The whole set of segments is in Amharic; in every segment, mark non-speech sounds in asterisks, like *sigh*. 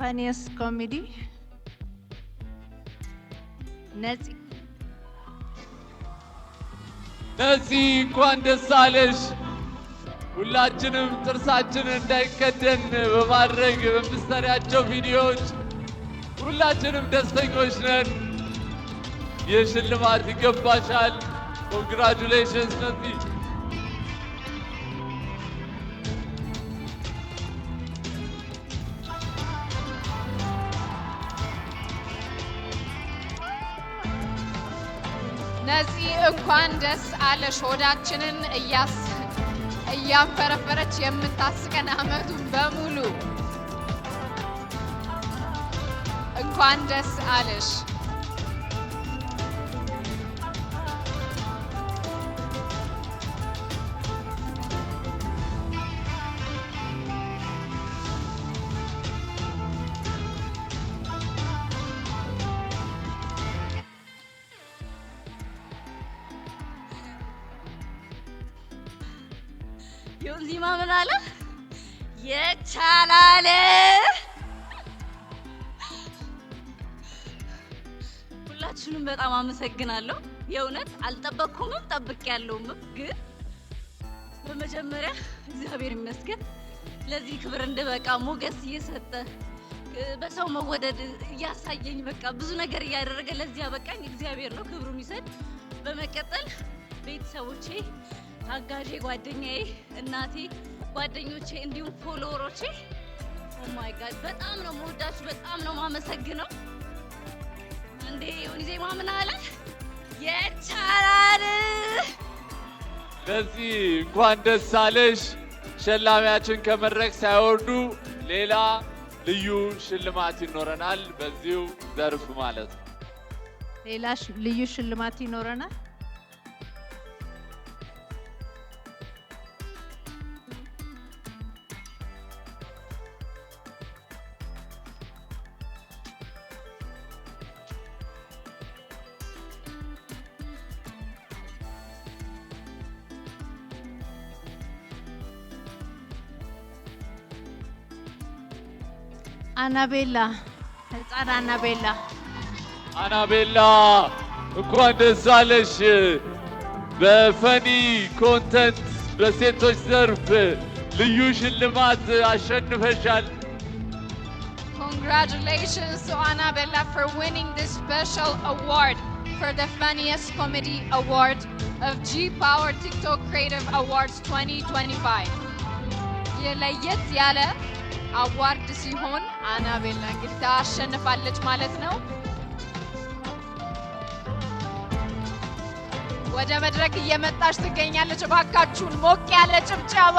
ፈኒየስ ኮሜዲ ነፂ ነፂ እንኳን ደስ አለሽ። ሁላችንም ጥርሳችን እንዳይከደን በማድረግ በምሰሪያቸው ቪዲዮዎች ሁላችንም ደስተኞች ነን። ይህ ሽልማት ይገባሻል። ኮንግራጁሌሽንስ ነፂ እንኳን ደስ አለሽ ሆዳችንን እያንፈረፈረች የምታስቀን አመቱን በሙሉ እንኳን ደስ አለሽ። ሁላችሁንም በጣም አመሰግናለሁ። የእውነት አልጠበቅኩምም፣ ጠብቅ ያለውም ግን በመጀመሪያ እግዚአብሔር ይመስገን ለዚህ ክብር እንደበቃ ሞገስ እየሰጠ በሰው መወደድ እያሳየኝ በቃ ብዙ ነገር እያደረገ ለዚህ ያበቃኝ እግዚአብሔር ነው፣ ክብሩን ይሰጥ። በመቀጠል ቤተሰቦቼ፣ አጋዤ፣ ጓደኛዬ፣ እናቴ፣ ጓደኞቼ እንዲሁም ፎሎወሮቼ ኦማይ ጋድ በጣም ነው መወዳችሁ፣ በጣም ነው ማመሰግነው። እንዴ የሆነ ዜማ ምን አለ የቻላል። በዚህ እንኳን ደስ አለሽ። ሸላሚያችን ከመድረክ ሳይወርዱ ሌላ ልዩ ሽልማት ይኖረናል። በዚሁ ዘርፍ ማለት ነው። ሌላ ልዩ ሽልማት ይኖረናል። አናቤላ ህፃን አናቤላ አናቤላ እንኳን ደስ አለሽ። በፈኒ ኮንተንት በሴቶች ዘርፍ ልዩ ሽልማት አሸንፈሻል። Congratulations to Annabella for winning this special award for the funniest comedy award of G Power TikTok Creative Awards 2025. የለየት ያለ አዋርድ ሲሆን አናቤል እንግዲህ አሸንፋለች ማለት ነው። ወደ መድረክ እየመጣች ትገኛለች። እባካችሁን ሞቅ ያለ ጭብጨባ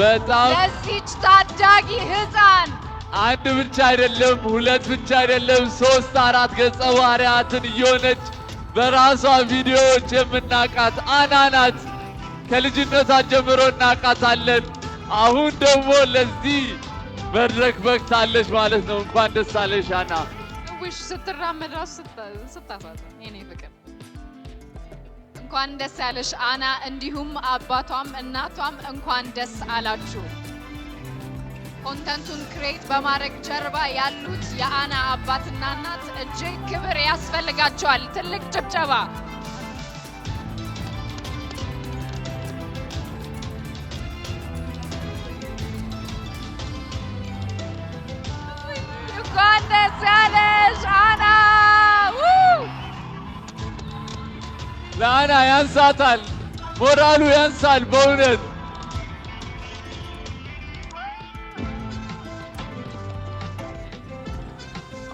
በጣም ለዚች ታዳጊ ሕፃን አንድ ብቻ አይደለም፣ ሁለት ብቻ አይደለም፣ ሶስት አራት ገጸ ባህሪያትን እየሆነች በራሷ ቪዲዮዎች የምናቃት አና ናት። ከልጅነቷ ጀምሮ እናቃታለን። አሁን ደግሞ ለዚህ መድረክ በግታለች ማለት ነው። እንኳን ደስ አለሽ አና ውሽ ስትራመድ ራሱ ስታፋት የኔ ፍቅር እንኳን ደስ ያለሽ አና። እንዲሁም አባቷም እናቷም እንኳን ደስ አላችሁ። ኮንተንቱን ክሬት በማድረግ ጀርባ ያሉት የአና አባትና እናት እጅግ ክብር ያስፈልጋቸዋል። ትልቅ ጭብጨባ González Ana. Woo! La Ana yansa atal. Moralu yansa al bonus.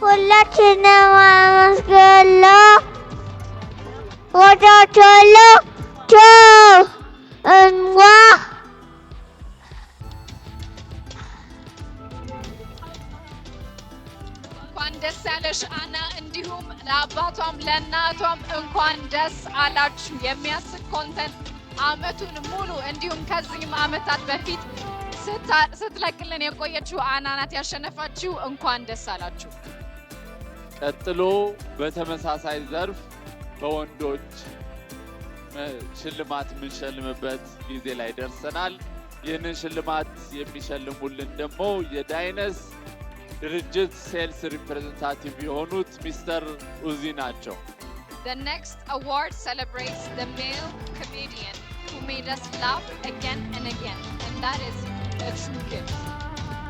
Kolla çinemamız gölla. Kolla çoluk çol. Envah. እንኳን ደስ ያለሽ አና፣ እንዲሁም ለአባቷም ለእናቷም እንኳን ደስ አላችሁ የሚያስቅ ኮንተንት አመቱን ሙሉ እንዲሁም ከዚህም አመታት በፊት ስትለቅልን የቆየችው አና ናት ያሸነፋችሁ። እንኳን ደስ አላችሁ። ቀጥሎ በተመሳሳይ ዘርፍ በወንዶች ሽልማት የምንሸልምበት ጊዜ ላይ ደርሰናል። ይህንን ሽልማት የሚሸልሙልን ደግሞ የዳይነስ ድርጅት ሴልስ ሪፕሬዘንታቲቭ የሆኑት ሚስተር ኡዚ ናቸው። The next award celebrates the male comedian who made us laugh again and again, and that is a true gift.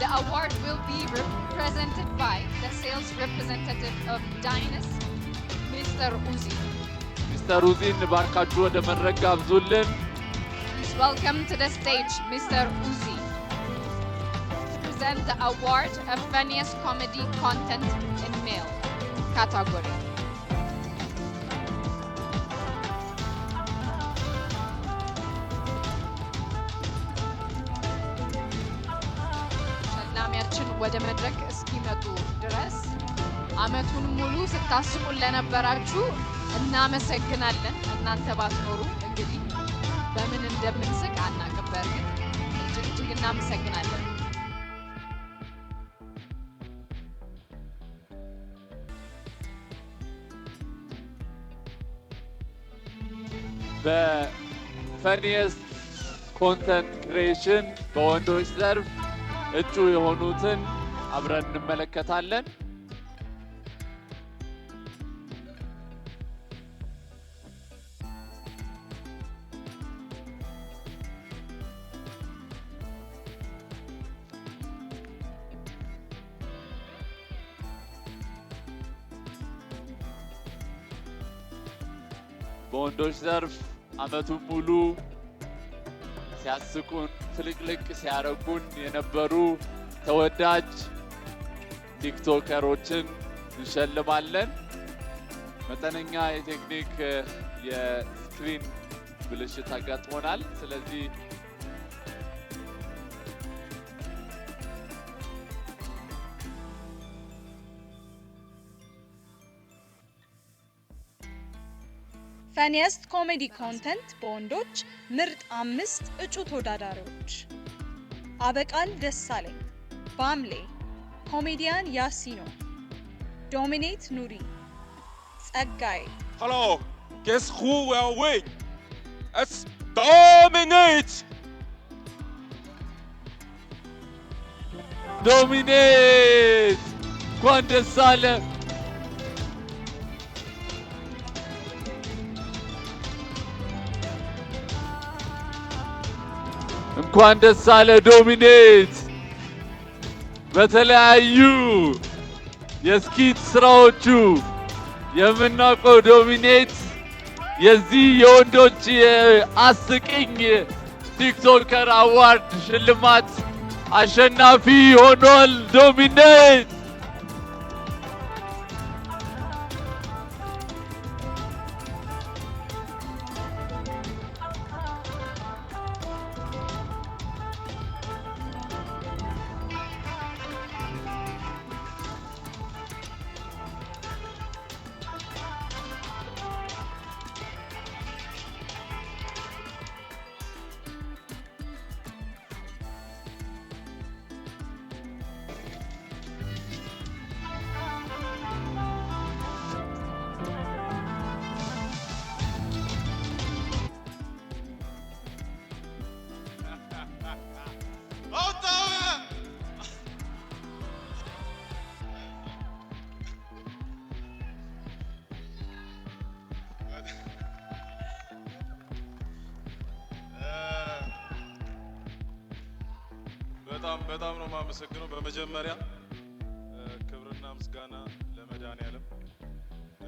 The award will be presented by the sales representative of Dynas, Mr. Uzi. Mr. Uzi, Please welcome to the stage Mr. Uzi. present the award of funniest comedy content in male category. ሸላሚያችን ወደ መድረክ እስኪመጡ ድረስ አመቱን ሙሉ ስታስቁ ለነበራችሁ እናመሰግናለን። እናንተ ባትኖሩ እንግዲህ በምን እንደምንስቅ አናቅም። እጅግ እጅግ እናመሰግናለን። በፈኒየስት ኮንተንት ክሬሽን በወንዶች ዘርፍ እጩ የሆኑትን አብረን እንመለከታለን። በወንዶች ዘርፍ አመቱን ሙሉ ሲያስቁን ፍልቅልቅ ሲያረጉን የነበሩ ተወዳጅ ቲክቶከሮችን እንሸልማለን። መጠነኛ የቴክኒክ የስክሪን ብልሽት አጋጥሞናል። ስለዚህ ፈኒየስት ኮሜዲ ኮንተንት በወንዶች ምርጥ አምስት እጩ ተወዳዳሪዎች አበቃል ደሳለኝ፣ ባምሌ፣ ኮሜዲያን ያሲኖ፣ ዶሚኔት ኑሪ፣ ጸጋይ ሄሎ ጌስ ሁ ዌር ዊን ኢትስ ዶሚኔት ዶሚኔት። እንኳን ደስ አለ። እንኳን ደስ አለ ዶሚኔት። በተለያዩ የስኪት ስራዎቹ የምናውቀው ዶሚኔት የዚህ የወንዶች የአስቂኝ ቲክቶከር አዋርድ ሽልማት አሸናፊ ሆኗል። ዶሚኔት በጣም በጣም ነው የማመሰግነው። በመጀመሪያ ክብርና ምስጋና ለመድኃኔዓለም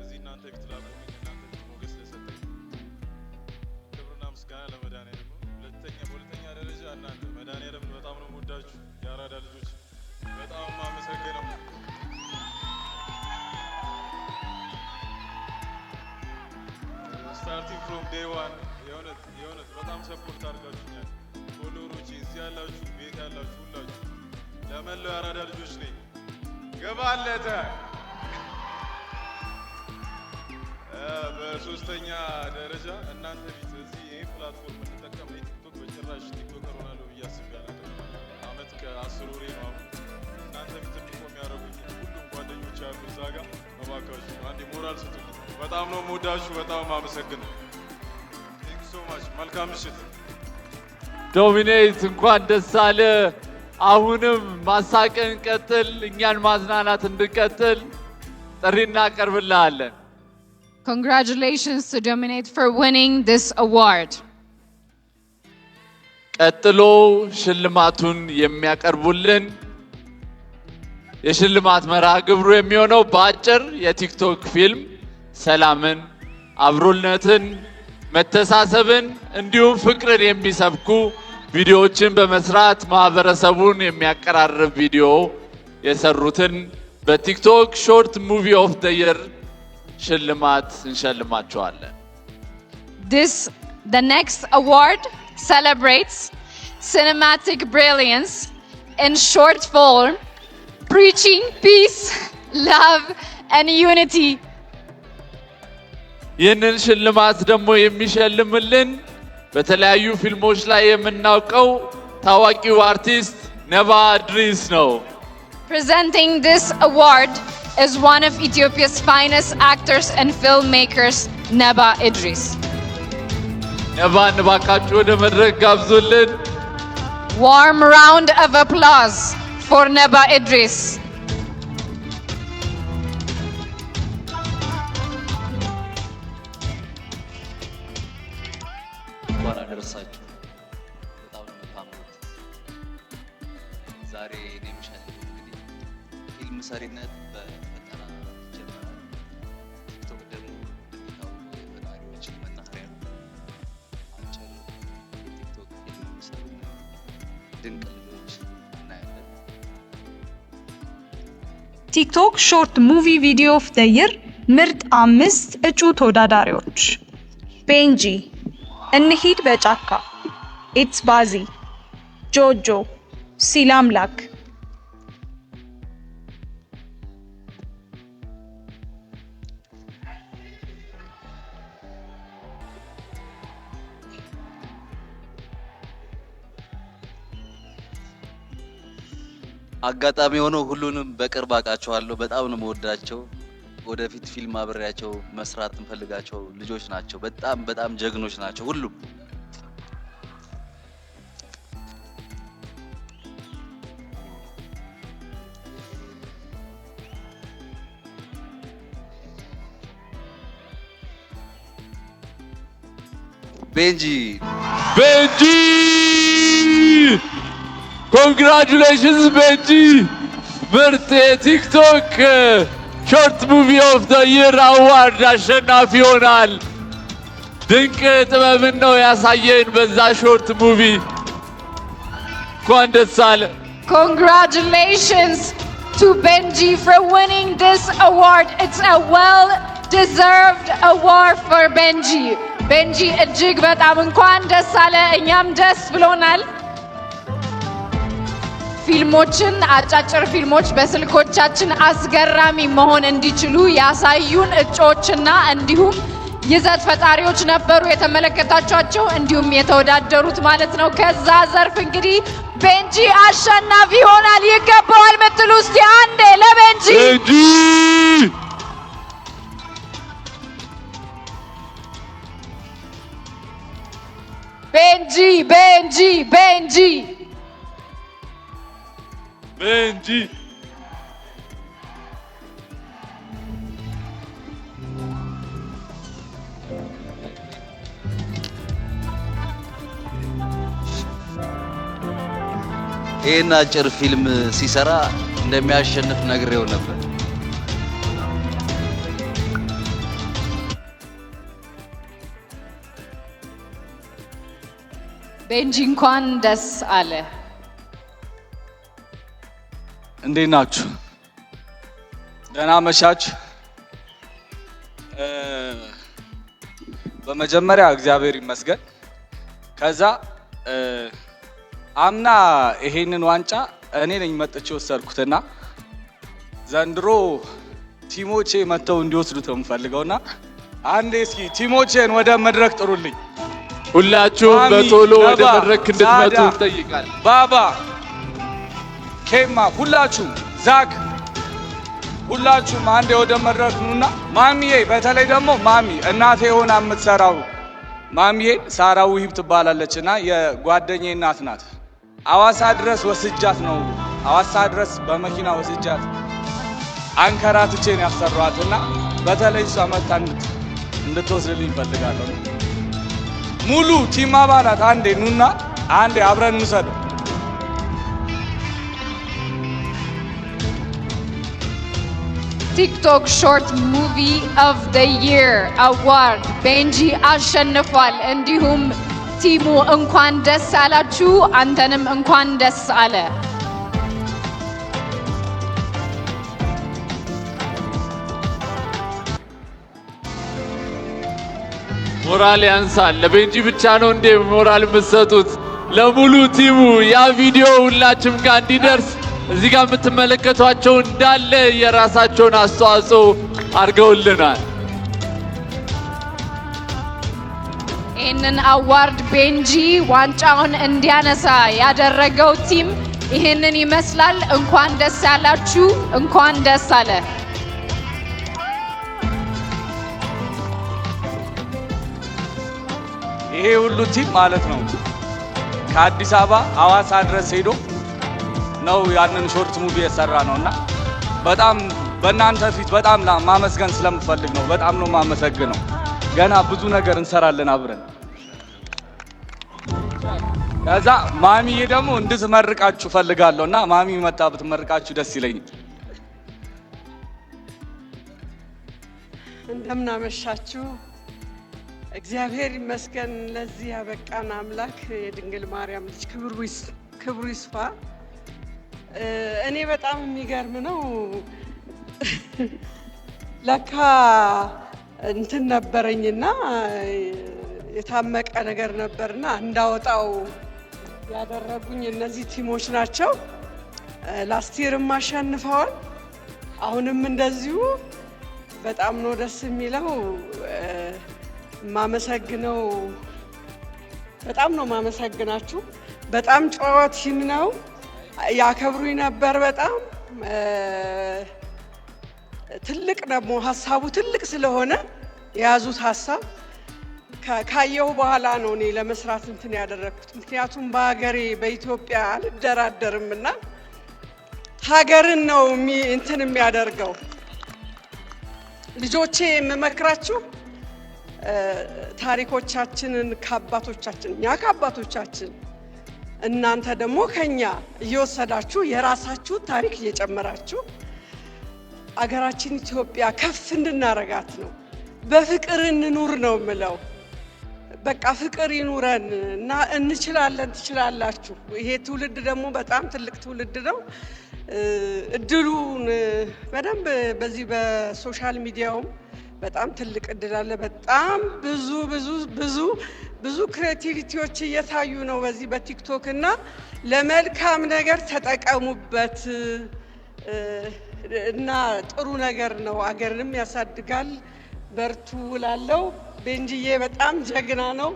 እዚህ እናንተ ፊት ላቆመኝ እናንተ ፊት ሞገስ ለሰጠኝ ክብርና ምስጋና ለመድኃኔዓለም። ሁለተኛ በሁለተኛ ደረጃ እናንተ መድኃኔዓለም በጣም ነው የምወዳችሁ የአራዳ ልጆች በጣም የማመሰግነው። ስታርቲንግ ፍሮም ዴይ ዋን የእውነት የእውነት በጣም ሰፖርት አድርጋችሁኛል። እዚህ ያላችሁ ቤት ያላችሁ ሁላችሁ ለመላው ልጆች ነኝ። ገባለተ በሶስተኛ ደረጃ እናንተ ፊት እዚህ ፕላትፎርም እንጠቀም ቲክቶክ በጭራሽ ቲክቶከር ሆናለሁ ብዬ አስቤያለሁ። አመት ከአስር ወሬ ነው። አሁን እናንተ ሁሉም ጓደኞች ያሉ እዛ ጋር አንዴ ሞራል ስጡ። በጣም ነው የምወዳችሁ። በጣም ቴንክ ሶ ማች። መልካም ምሽት ዶሚኔት እንኳን ደስ አለ። አሁንም ማሳቀን ቀጥል፣ እኛን ማዝናናት እንድቀጥል ጥሪ እናቀርብልሃለን። ኮንግራቹሌሽንስ ቱ ዶሚኔት ፎር ዊኒንግ ዲስ አዋርድ። ቀጥሎ ሽልማቱን የሚያቀርቡልን የሽልማት መርሃ ግብሩ የሚሆነው በአጭር የቲክቶክ ፊልም ሰላምን፣ አብሮነትን፣ መተሳሰብን እንዲሁም ፍቅርን የሚሰብኩ ቪዲዮዎችን በመስራት ማህበረሰቡን የሚያቀራርብ ቪዲዮ የሰሩትን በቲክቶክ ሾርት ሙቪ ኦፍ ዘ የር ሽልማት እንሸልማቸዋለን። This the next award celebrates cinematic brilliance in short form preaching peace, love and unity ይህንን ሽልማት ደግሞ የሚሸልምልን በተለያዩ ፊልሞች ላይ የምናውቀው ታዋቂው አርቲስት ነባ Idris ነው። Presenting this award is one of Ethiopia's finest actors and filmmakers, Neba Idris. Neba እባካችሁ de መድረክ ጋብዙልን። Warm round of applause for Neba Idris. ድንቅ ልጆች እናያለን። ቲክቶክ ሾርት ሙቪ ቪዲዮ ኦፍ ዘ ይር ምርጥ አምስት እጩ ተወዳዳሪዎች ቤንጂ፣ እንሂድ በጫካ፣ ኢትስ ባዚ፣ ጆጆ፣ ሲላምላክ አጋጣሚ ሆኖ ሁሉንም በቅርብ አውቃቸዋለሁ። በጣም ነው መወዳቸው። ወደፊት ፊልም አብሬያቸው መስራት እንፈልጋቸው ልጆች ናቸው። በጣም በጣም ጀግኖች ናቸው ሁሉም። ቤንጂ ቤንጂ Congratulations, Benji! Birthday TikTok! Short Movie of the Year Award አሸናፊ ይሆናል። ድንቅ ጥበብን ነው ያሳየን a short movie። እንኳን ደስ Congratulations to Benji for winning this award. It's a well deserved award for Benji. Benji, እጅግ በጣም እንኳን ደስ አለ። እኛም ደስ ብሎናል። ፊልሞችን አጫጭር ፊልሞች በስልኮቻችን አስገራሚ መሆን እንዲችሉ ያሳዩን እጩዎችና እንዲሁም ይዘት ፈጣሪዎች ነበሩ የተመለከታችኋቸው፣ እንዲሁም የተወዳደሩት ማለት ነው። ከዛ ዘርፍ እንግዲህ ቤንጂ አሸናፊ ይሆናል። ይገባዋል ምትሉ እስቲ አንዴ ለቤንጂ ቤንጂ ቤንጂ ቤንጂ Mendy. ይህን አጭር ፊልም ሲሰራ እንደሚያሸንፍ ነግሬው ነበር። ቤንጂ እንኳን ደስ አለ። እንዴት ናችሁ? ደህና መሻች። በመጀመሪያ እግዚአብሔር ይመስገን። ከዛ አምና ይሄንን ዋንጫ እኔ ነኝ መጥቼ ወሰድኩትና ዘንድሮ ቲሞቼ መጥተው እንዲወስዱት ነው የምፈልገውና አንዴ እስኪ ቲሞቼን ወደ መድረክ ጥሩልኝ። ሁላችሁም በቶሎ ወደ መድረክ እንድትመጡ ይጠይቃል ባባ ኬማ ሁላችሁም ዛክ ሁላችሁም አንድ ወደ መድረክ ኑና ማሚዬ፣ በተለይ ደግሞ ማሚ እናቴ የሆና የምትሰራው ማሚዬ ሳራ ውሂብ ትባላለች እና የጓደኛ እናት ናት። አዋሳ ድረስ ወስጃት ነው አዋሳ ድረስ በመኪና ወስጃት አንከራትቼን ያሰሯት እና በተለይ እሷ መታ እንድትወስድልኝ ይፈልጋለሁ። ሙሉ ቲም አባላት አንዴ ኑና አንዴ አብረን እንውሰደው። ቲክቶክ ሾርት ሙቪ ኦፍ ዘ ይር አዋርድ ቤንጂ አሸንፏል። እንዲሁም ቲሙ እንኳን ደስ አላችሁ፣ አንተንም እንኳን ደስ አለ። ሞራል ያንሳል። ለቤንጂ ብቻ ነው እንዴ ሞራል የምትሰጡት? ለሙሉ ቲሙ ያ ቪዲዮ ሁላችሁም ጋር እንዲደርስ እዚህ ጋር የምትመለከቷቸው እንዳለ የራሳቸውን አስተዋጽኦ አድርገውልናል። ይህንን አዋርድ ቤንጂ ዋንጫውን እንዲያነሳ ያደረገው ቲም ይህንን ይመስላል። እንኳን ደስ ያላችሁ፣ እንኳን ደስ አለ። ይሄ ሁሉ ቲም ማለት ነው ከአዲስ አበባ ሐዋሳ ድረስ ሄዶ ነው ያንን ሾርት ሙቪ የሰራ ነው እና በጣም በእናንተ ፊት በጣም ማመስገን ስለምፈልግ ነው። በጣም ነው ማመሰግነው። ገና ብዙ ነገር እንሰራለን አብረን። ከዛ ማሚዬ ደግሞ እንድትመርቃችሁ ፈልጋለሁ እና ማሚ መጣ ብትመርቃችሁ ደስ ይለኛል። እንደምናመሻችሁ እግዚአብሔር ይመስገን ለዚህ ያበቃን አምላክ የድንግል ማርያም ልጅ ክብሩ ይስፋ። እኔ በጣም የሚገርም ነው። *laughs* ለካ እንትን ነበረኝና የታመቀ ነገር ነበርና እንዳወጣው ያደረጉኝ እነዚህ ቲሞች ናቸው። ላስቲርም አሸንፈዋል። አሁንም እንደዚሁ በጣም ነው ደስ የሚለው። ማመሰግነው በጣም ነው የማመሰግናችሁ። በጣም ጨዋ ቲም ነው። ያከብሩኝ ነበር። በጣም ትልቅ ደግሞ ሀሳቡ ትልቅ ስለሆነ የያዙት ሀሳብ ካየሁ በኋላ ነው እኔ ለመስራት እንትን ያደረግኩት። ምክንያቱም በሀገሬ በኢትዮጵያ አልደራደርም እና ሀገርን ነው እንትን የሚያደርገው። ልጆቼ የምመክራችሁ ታሪኮቻችንን ከአባቶቻችን እኛ ከአባቶቻችን እናንተ ደግሞ ከኛ እየወሰዳችሁ የራሳችሁ ታሪክ እየጨመራችሁ አገራችን ኢትዮጵያ ከፍ እንድናረጋት ነው። በፍቅር እንኑር ነው የምለው። በቃ ፍቅር ይኑረን እና እንችላለን፣ ትችላላችሁ። ይሄ ትውልድ ደግሞ በጣም ትልቅ ትውልድ ነው። እድሉን በደንብ በዚህ በሶሻል ሚዲያውም በጣም ትልቅ እድል አለ። በጣም ብዙ ብዙ ብዙ ብዙ ክሬቲቪቲዎች እየታዩ ነው በዚህ በቲክቶክ እና ለመልካም ነገር ተጠቀሙበት እና ጥሩ ነገር ነው፣ አገርንም ያሳድጋል። በርቱ ላለው ቤንጅዬ በጣም ጀግና ነው።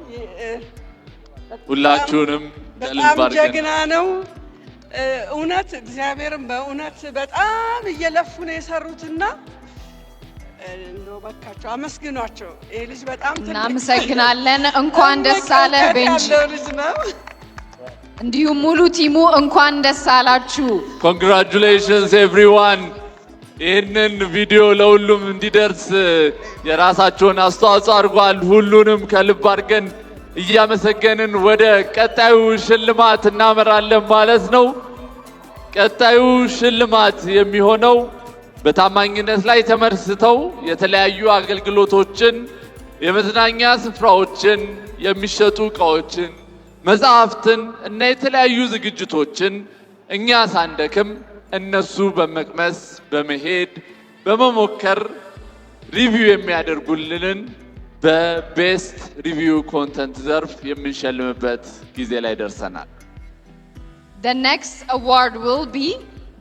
ሁላችሁንም በጣም ጀግና ነው። እውነት እግዚአብሔርም በእውነት በጣም እየለፉ ነው የሰሩትና እንደው አመስግኗቸው። ይሄ ልጅ በጣም እናመሰግናለን። እንኳን ደስ አለ ቤንች እንዲሁም ሙሉ ቲሙ እንኳን ደስ አላችሁ። ኮንግራጁሌሽንስ ኤቭሪዋን። ይህንን ቪዲዮ ለሁሉም እንዲደርስ የራሳቸውን አስተዋጽኦ አድርጓል። ሁሉንም ከልብ አድርገን እያመሰገንን ወደ ቀጣዩ ሽልማት እናመራለን ማለት ነው። ቀጣዩ ሽልማት የሚሆነው በታማኝነት ላይ ተመርስተው የተለያዩ አገልግሎቶችን፣ የመዝናኛ ስፍራዎችን፣ የሚሸጡ እቃዎችን መጽሐፍትን እና የተለያዩ ዝግጅቶችን እኛ ሳንደክም እነሱ በመቅመስ በመሄድ በመሞከር ሪቪው የሚያደርጉልንን በቤስት ሪቪው ኮንተንት ዘርፍ የምንሸልምበት ጊዜ ላይ ደርሰናል። The next award will be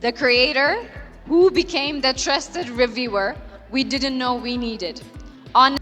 the creator who became the trusted reviewer we didn't know we needed. On